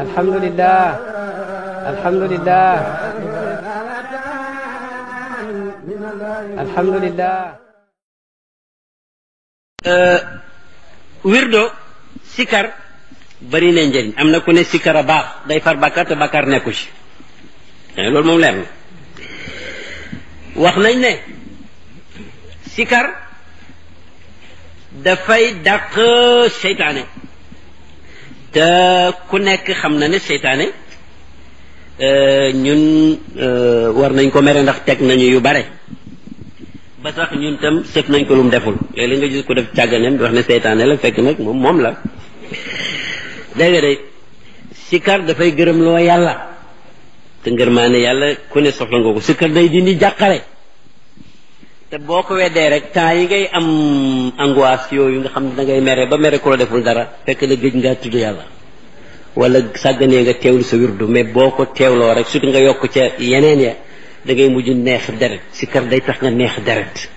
alhamdulilah alhamdulilah alhamdulilah euh, wirdo sikar bari na njëriñ am na ku ne sikar a baax day far bàkkaar te bàkkaar nekku ci eh, wax nañ ne sikar dafay dàq seytaane te ku nekk xam na ne seytaane euh, ñun euh, war nañ ko mere ndax teg nañu yu bare ba sax ñun tam sëf nañ ko lu mu deful léeg-léeg nga gis ko def càgganeem di wax ne seytaane la fekk nag moom moom la dégg de sikar dafay gërëm loo yàlla te ngërmaane yàlla ku ne soxla nga ko sikar day dindi jàqare te boo ko weddee rek temps yi ngay am angoisse yooyu nga xam ne da ngay mere ba mere ku la deful dara fekk la géej ngaa tudd yàlla wala sàgganee nga teewlu sa wirdu mais boo ko teewloo rek surtout nga yokk ca yeneen ya da ngay mujj neex deret si day tax nga neex deret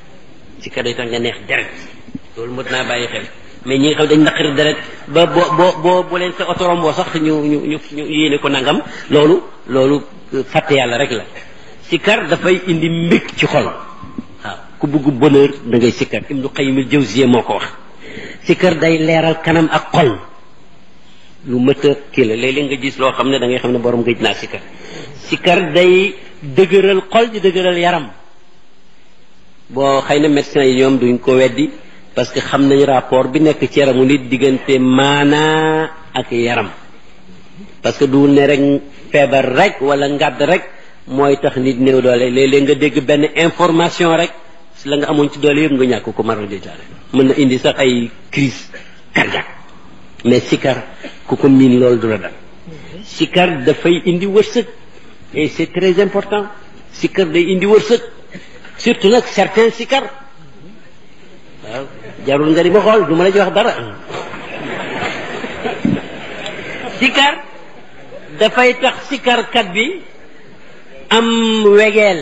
si kar day tax nga neex deret loolu mën naa bàyyi xel mais ñi nga xam dañ naqari deret ba boo boo boo leen sa otorombo sax ñu ñu ñu ñu yéene ko nangam loolu loolu fàtte yàlla rek la kar dafay indi mbég ci xol ku bugg bonheur da ngay sikkar ibnu qayyimil jawziya moo ko wax sikkar day leeral kanam ak xol lu mët a kii la léeg nga gis loo xam ne da ngay xam ne borom gëj naa sikkar sikkar day dëgëral xol di dëgëral yaram boo xëy na médecins yi ñoom duñ ko weddi parce que xam nañu rapport bi nekk ci yaramu nit diggante maanaa ak yaram parce que du ne rek feebar rek wala ngàdd rek mooy tax nit néew doole léeg nga dégg benn information rek la nga amoon ci doole yëpp nga ñàkk ko maral jotaale mën na indi sax ay crise cardiaque mais sikar ku ko miin loolu du la dafay indi wërsëg et très important sikar day indi wërsëg surtout nag certains sikar waaw jarul nga ma xool du la ci wax dara sikar dafay tax sikarkat bi am wegeel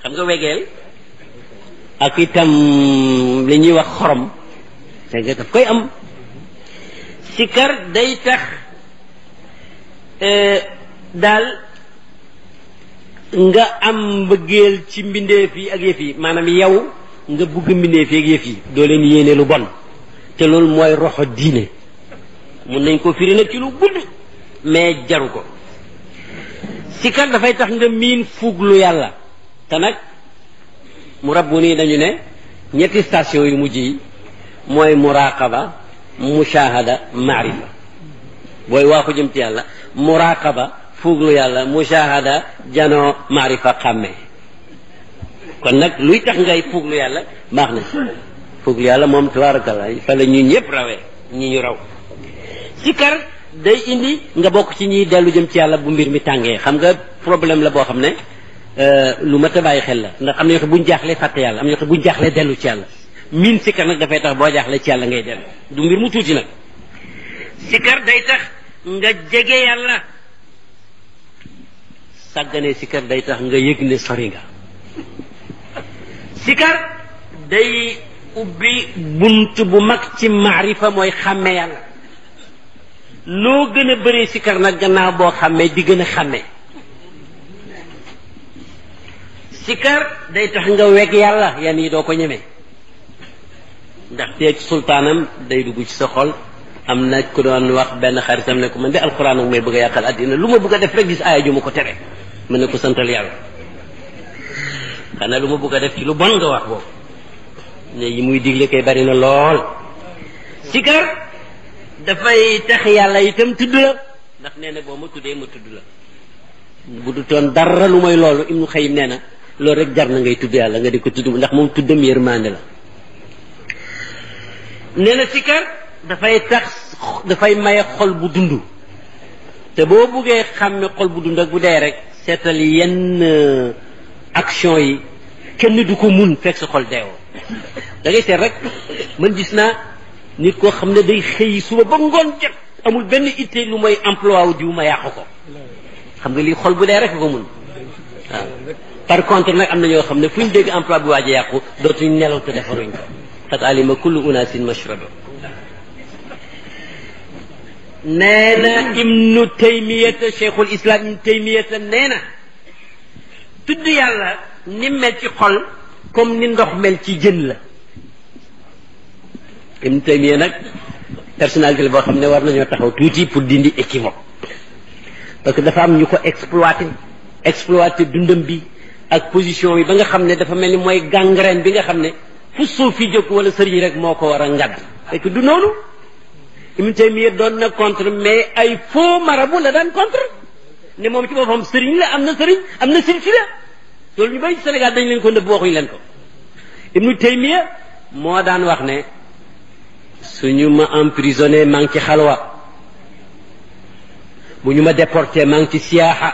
xam nga wegeel ak itam li ñuy wax xorom te nga daf koy am sikar day tax e, daal nga am mbëggeel ci mbindeef yi ak yëf yi maanaam yow nga bugg mbindeef yi ak yëf yi doo leen yéene lu bon te loolu mooy roxo diine mun nañ ko firi nag ci lu gudd mais jaru ko sikar dafay tax nga miin fuuglu yàlla te nag mu rabbu nii dañu ne ñetti station yu mu yi mooy muraqaba mushahada maarifa booy waaxu jëm ci yàlla muraqaba fuuglu yàlla mushahada janoo maarifa xàmmee kon nag luy tax ngay fuuglu yàlla baax na si yàlla moom tabaarakalla fa la ñu ñëpp rawee ñu ñu raw sikar day indi nga bokk ci ñiy dellu jëm ci yàlla bu mbir mi tàngee xam nga problème la boo xam ne Euh, lu ma a bàyyi xel la ndax am na yoo xam buñ fàtte yàlla am na yoo xam buñ jaaxlee dellu ci yàlla min sikkar nag dafay tax boo jaaxlee ci yàlla ngay dellu du mbir mu tuuti nag sikkar day tax nga jege yàlla sàgganee sikkar day tax nga yëg ne sori nga sikkar day ubbi bunt bu mag ci maarifa mooy xàmme yàlla loo gën a bare sikkar nag gannaaw boo xàmmee di gën a xàmme sikar day tax nga weg yàlla yan yi doo ko ñeme ndax teeg sultaanam day dugg ci sa xol am na ku doon wax benn xaritam ne ko man de alxuraan ak may bëgg a yàqal àddina lu ma bëgg a def rek gis aaya ju ma ko tere mën ne ko santal yàlla xanaa lu ma bëgg a def ci lu bon nga wax boobu ne yi muy digle kay bari na lool sikar dafay tax yàlla itam tudd la ndax nee na boo ma tuddee ma tudd la bu du toon dara lu mooy loolu ibnu xayim nee na loolu rek jar na ngay tudd yàlla nga di ko tudd ndax moom tuddam yërmaande la nee sikar dafay tax dafay maye xol bu dund te boo buggee xàmme xol bu dund ak bu dee rek seetal yenn euh, action yi kenn du ko mun fekk si xol deewoo da ngay seet rek man gis naa nit koo xam ne day xëy suba ba ngoon jot amul benn ittee lu may emploi wu diw ma yàq ko xam nga lii xol bu dee rek ko mun par contre nag am na ñoo xam ne fu ñu dégg emploi bi waaj a yàqu dootuñ nelaw te defaruñ ko xat alima unaasin mashraba nee na ibnu taymiyata cheikhul islam ibnu taymiyata nee tudd yàlla ni mel ci xol comme ni ndox mel ci jën la ibnu taymiya nag personnalité la boo xam ne war nañoo taxaw tuuti pour dindi équivoque parce que dafa am ñu ko exploité exploité dundam bi ak position yi ba nga xam ne dafa mel ni mooy gangrène bi nga xam ne fu suuf fi jóg wala sëriñ rek moo ko war a ngadd fekk du noonu Ibn Taymiyya doon na contre mais ay faux marabout la daan contre ne moom ci boppam sëriñ la am na sëriñ am na silsila loolu ñu bay Sénégal dañ leen ko nëbb waxuñu leen ko Ibn Taymiyya moo daan wax ne suñu ma emprisonné maa ngi ci xalwa bu ñu ma déporté maa ngi ci siyaaxa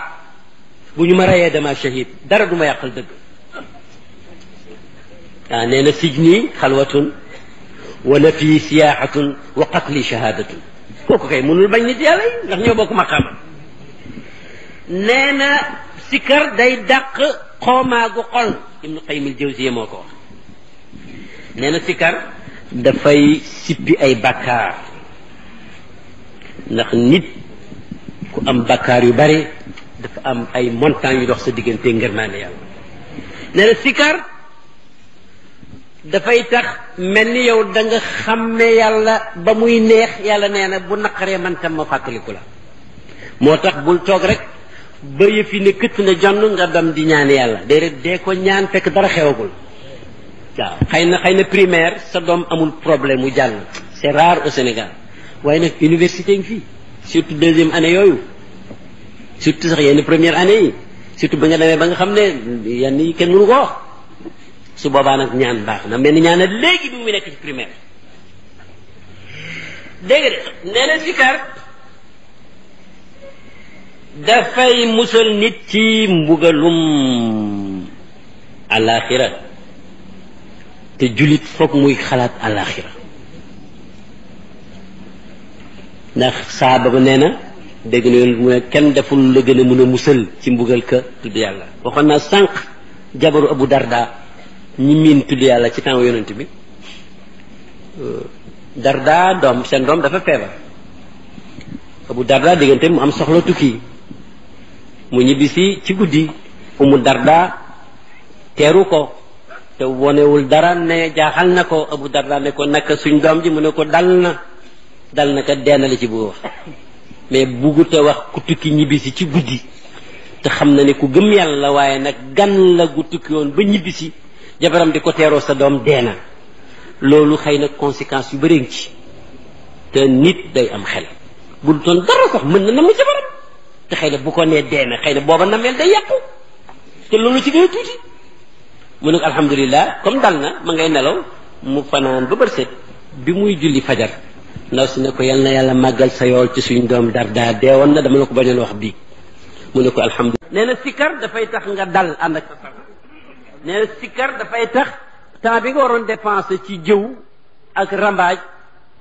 bu ñu ma rayee dama shahid dara du ma yàqal dëgg waaw sijni xalwatun wa nafi siyaaxatun wa qatli shahadatun kooku kay mënul bañ nit yàlla yi ndax ñoo bokk maqaama nee sikar day dàq xoomaagu xol ibnu qayyim al jawziya moo sikar dafay sippi ay bakkaar ndax nit ku am bakkaar yu bari dafa am ay montagne yu dox sa diggante ngërmaane yàlla nee na dafay tax mel ni yow danga nga xàmme yàlla ba muy neex yàlla nee na bu naqaree man tam ma fàttaliku la moo tax bul toog rek ba yëfi ne këtt na jonn nga dam di ñaan yàlla déedéet dee ko ñaan fekk dara xewagul waaw xëy na xëy na primaire sa doom amul problème mu jàng c'est rare au Sénégal waaye nag université ngi fii surtout deuxième année yooyu surtout sax yenn première année yi surtout ba nga demee ba nga xam ne yenn kenn mënu ko su boobaa nag ñaan baax na mel ni ñaan léegi bi mu nekk ci primaire dégg nga nee na sikar dafay musal nit ci mbugalum alaxira te jullit foog muy xalaat alaxira ndax saaba ba nee na dégg na yonent mu ne kenn deful la gën a mën a musal ci mbugal ka tudd yàlla waxoon naa sànq jabaru abu darda ñi miin tudd yàlla ci temps yonent bi euh, darda doom seen doom dafa feebar abu darda diggante mu am soxla tukki mu ñibbisi ci guddi umu darda teeru ko te wonewul dara ne jaaxal na ko abu darda ne ko naka suñ doom ji mu ne ko dal na dal na ko deenale ci bu wax mais bugut a wax ku tukki ñibbisi ci guddi te xam na ne ku gëm yàlla waaye nag gan la gu tukki woon ba ñibbisi jabaram di ko teeroo sa doom dee na loolu xëy na conséquence yu bëri ci te nit day am xel bu du toon dara sax mën na namu jabaram te xëy na bu ko nee dee na xëy na booba nameel day yàqu te loolu ci gën a tuuti mu ne ko alhamdulilah comme dal na ma ngay nelaw mu fanaan ba bërset bi muy julli fajar ndaw si ne ko yal na yàlla màggal sa yool ci suñ doom dar daa deewoon na dama la ko bañoon wax bi mu ne ko alhamdulilah nee na sikkar dafay tax nga dal ànd ak sa nee na sikkar dafay tax temps bi nga waroon dépensé ci jëw ak rambaaj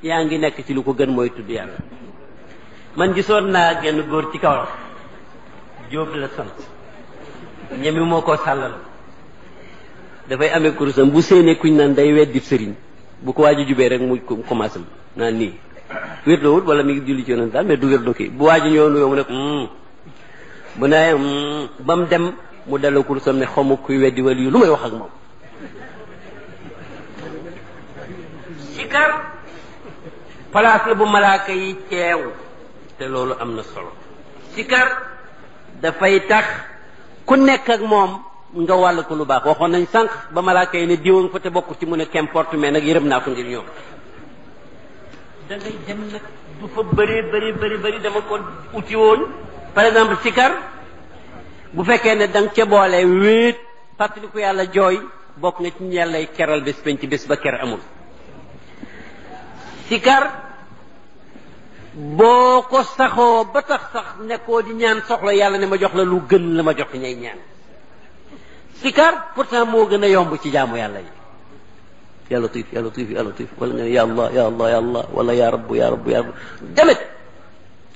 yaa ngi nekk ci lu ko gën mooy tudd yàlla man gisoon naa genn góor ci kaw Jóob la sant ñemi moo ko sàllal dafay amee kurusam bu séenee kuñ naan day weddi sëriñ bu ko waaju jubee rek mu commencé naan wérdoowut wala mi ngi julli ci yonent daal mais du wérdo kii bu waa ji ñëw mu nekk hmm. bu nee hmm. ba mu dem mu delloo kursam ne xawma yu lu may wax ak moom sikar place bu malaaka yi ceew te loolu am na solo sikar dafay tax ku nekk ak moom nga wàll ko lu baax waxoon nañ sànq ba malaaka yi ne diwa nga fa te bokk ci mu ne qu'importe mais nag yërëm naa ko ngir ñoom da ngay dem nag du fa bëree bëri bëri bëri dama ko uti woon par exemple sikar bu fekkee ne da nga boole wéet fàttaliku yàlla jooy bokk nga ci yàllay keral bés penc ci bés ba ker amul sikar boo ko saxoo ba tax sax nekkoo di ñaan soxla yàlla ne ma jox la lu gën la ma jox ñay ñaan sikar pourtant moo gën a yomb ci jaamu yàlla yi yaa latif yaa latif yaa latif wala nga ne yaa allah yaa la yaa allah wala yaa rabbu demet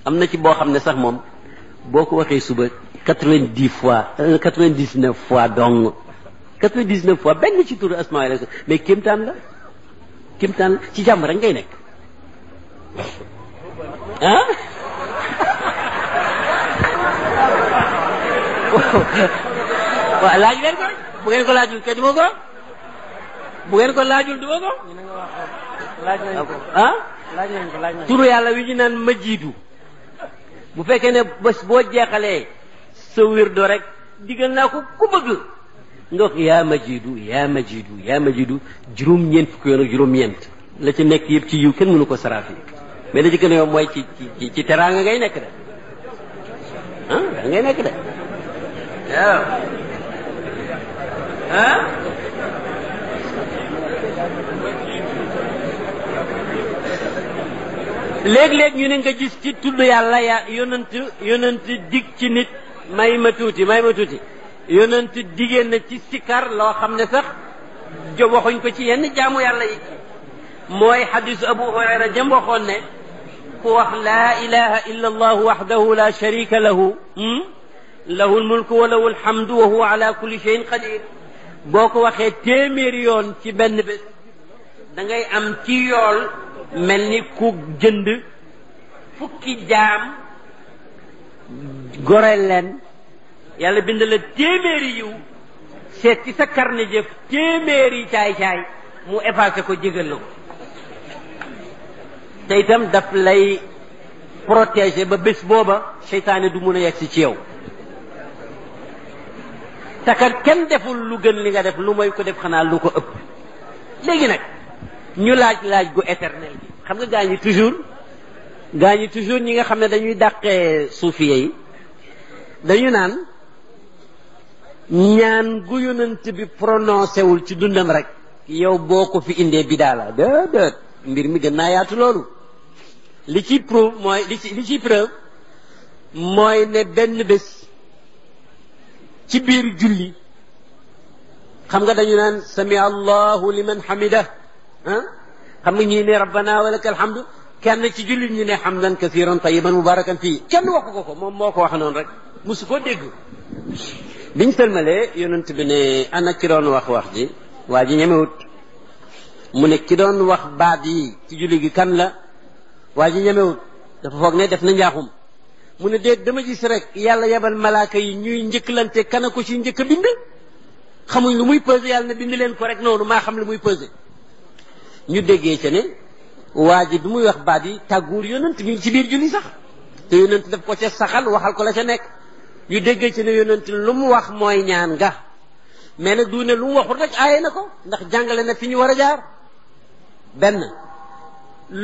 am na ci boo xam ne sax moom boo ko waxee suba quatre-vingt-dix fois euh, quatre-vingt-dix-neuf fois dong quatre-vingt-dix-neuf fois benn ci turu asmaa yi mais kéemtaan la kéemtaan la ci jàmm rek ngay nekk bu ngeen ko laajul du ma ko. laaj nañ ah? ko turu yàlla wi ñu naan ma jiitu bu fekkee ne bés boo jeexalee sa wirdo rek digal naa ko ku bëgg nga yaa ma jiitu yaa ma jiitu yaa ma jiitu juróom-ñeent fukki yoon ak juróom la ci nekk yëpp ci yiw kenn mënu ko saraafi mais la ci gën a yomb mooy ci ci ci teraanga ngay nekk de ah ngay nekk de waaw ah? léeg-léeg yu ne nga gis ci tudd yàlla ya yonent yonent dig ci nit may ma tuuti may ma tuuti yonent digée na ci sikar loo xam ne sax jo waxuñ ko ci yenn jaamu yàlla yi mooy xadisu abu hurayra jëm waxoon ne ku wax laa ilaha illa allah waxdahu la sharika lahu hmm? lahu lmulku wa lahu alhamdu wa huwa ala kulli cheyin qadir boo ko waxee téeméeri yoon ci benn bés da ngay am mel ni ku jënd fukki jaam gore leen yàlla bind la téeméeri yiw seet ci sa carnet jëf téeméeri caay-caay mu effacé ko jégal la ko te itam daf lay protéger ba bés booba seytaane du mun a yegg ci yow te kenn deful lu gën li nga def lu may ko def xanaa lu ko ëpp léegi nag ñu laaj laaj gu éternel bi xam nga gaa toujours gaa ñi toujours ñi nga xam ne dañuy dàqee suufiye yi dañu naan ñaan gu yonent bi prononcé wul ci dundam rek yow boo ko fi indee bidaa la déedéet mbir mi gën naa yaatu loolu li ci preuve mooy li mooy ne benn bés ci biir julli xam nga dañu naan sami allahu liman hamida ah xam nga ñii ne rabbana wa lakal hamdu kenn ci jullit ñi ne hamdan kasiran tayyiban mubarakan fii kenn waxu ko ko moom moo ko wax noonu rek musu koo dégg biñ sëlmalee yonent bi ne ana ki doon wax wax ji waa ji ñemewut mu ne ki doon wax baat yi ci julli gi kan la waa ji ñemewut dafa foog ne def na njaaxum mu ne déet dama gis rek yàlla yebal malaaka yi ñuy njëkk njëkkalante kana ko ci njëkk a bind xamuñ lu muy pesé yàlla ne bind leen ko rek noonu maa xam lu muy pesé ñu déggee ca ne waa ji du muy wax baat yi tàgguur yonent mi ci biir julli sax te yonent daf ko ca saxal waxal ko la ca nekk ñu déggee ca ne yonent lu mu wax mooy ñaan nga mais nag du ne lu mu waxul rek aaye na ko ndax jàngale na fi ñu war a jaar benn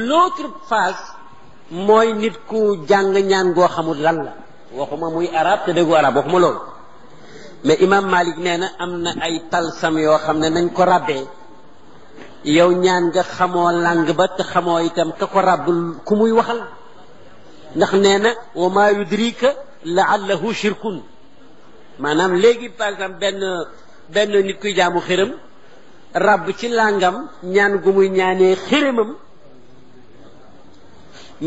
l'autre phase mooy nit ku jàng ñaan goo xamul lan la waxuma muy arab te déggu arab waxuma loolu mais imam malik nee na am na ay talsam yoo xam ne nañ ko ràbbee yow ñaan nga xamoo làng ba te xamoo itam ka ko ràbb ku muy waxal ndax nee na wa maa yudrika laallahu shirkun maanaam léegi par exemple benn benn nit kuy jaamu xërëm ràbb ci làngam ñaan gu muy ñaanee xërëmam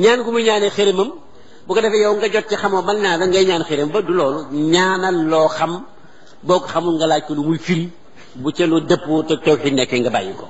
ñaan gu muy ñaanee xërëmam bu ko defee yow nga jot ci xamoo ban naa la ngay ñaan xërëm ba du loolu ñaanal loo xam boo ko xamul nga laaj ko lu muy firi bu ca lu dëppoo te tawxiid nekkee nga bàyyi ko